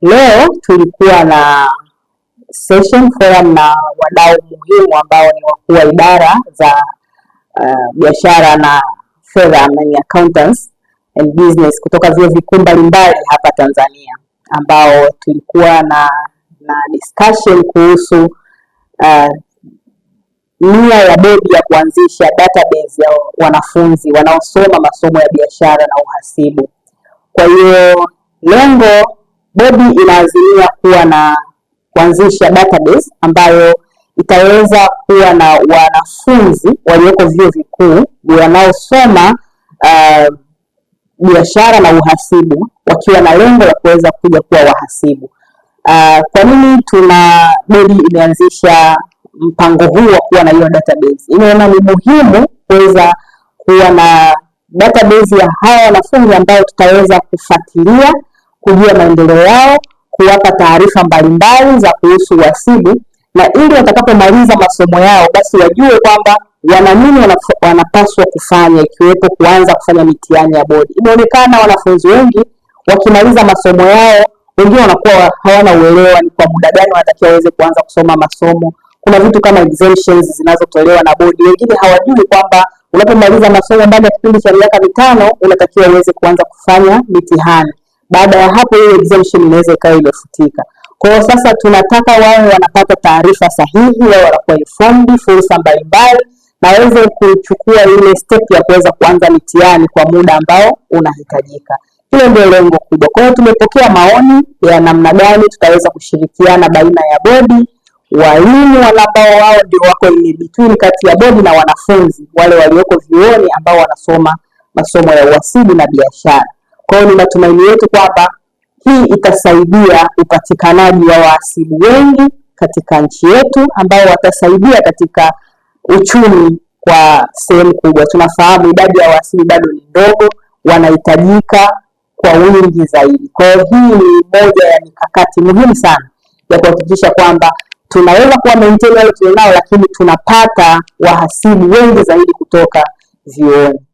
Leo tulikuwa na session forum na wadau muhimu ambao ni wakuu wa idara za uh, biashara na fedha, yani accountants and business kutoka vyuo vikuu mbalimbali hapa Tanzania, ambao tulikuwa na na discussion kuhusu uh, nia ya bodi ya kuanzisha database ya wanafunzi wanaosoma masomo ya biashara na uhasibu. Kwa hiyo lengo Bodi inaazimia kuwa na kuanzisha database ambayo itaweza kuwa na wanafunzi walioko vyuo vikuu wanaosoma uh, biashara na uhasibu wakiwa na lengo la kuweza kuja kuwa wahasibu. Uh, kwa nini tuna bodi imeanzisha mpango huu wa kuwa na hiyo database? Inaona ni muhimu kuweza kuwa na database ya hawa wanafunzi ambao tutaweza kufuatilia kujua maendeleo yao, kuwapa taarifa mbalimbali za kuhusu uhasibu, na ili watakapomaliza masomo yao basi wajue kwamba wana nini wanapaswa kufanya, ikiwepo kuanza kufanya mitihani ya bodi. Imeonekana wanafunzi wengi wakimaliza masomo yao, wengine wanakuwa hawana uelewa ni kwa muda gani wanatakiwa waweze kuanza kusoma masomo. Kuna vitu kama exemptions zinazotolewa na bodi, wengine hawajui kwamba unapomaliza masomo ndani ya kipindi cha miaka mitano unatakiwa uweze kuanza kufanya mitihani. Baada ya hapo, hiyo exemption inaweza ikawa imefutika. Kwa hiyo sasa tunataka wao wanapata taarifa sahihi, wao wanakuwa informed, fursa mbalimbali na waweze kuchukua ile step ya kuweza kuanza mitihani kwa muda ambao unahitajika. Hilo ndio lengo kubwa. Kwa hiyo tumepokea maoni ya namna gani tutaweza kushirikiana baina ya bodi, walimu ambao wao ndio wako ile bituni kati ya bodi na wanafunzi wale walioko vyuoni ambao wanasoma masomo ya uhasibu na biashara. Kwa hiyo ni matumaini yetu kwamba hii itasaidia upatikanaji wa wahasibu wengi katika nchi yetu ambao watasaidia katika uchumi kwa sehemu kubwa. Tunafahamu idadi ya wahasibu bado ni ndogo, wanahitajika kwa wingi zaidi. Kwa hiyo hii ni moja ya mikakati muhimu sana ya kuhakikisha kwamba tunaweza kuwa maintain wale tulionao, lakini tunapata wahasibu wengi zaidi kutoka vioni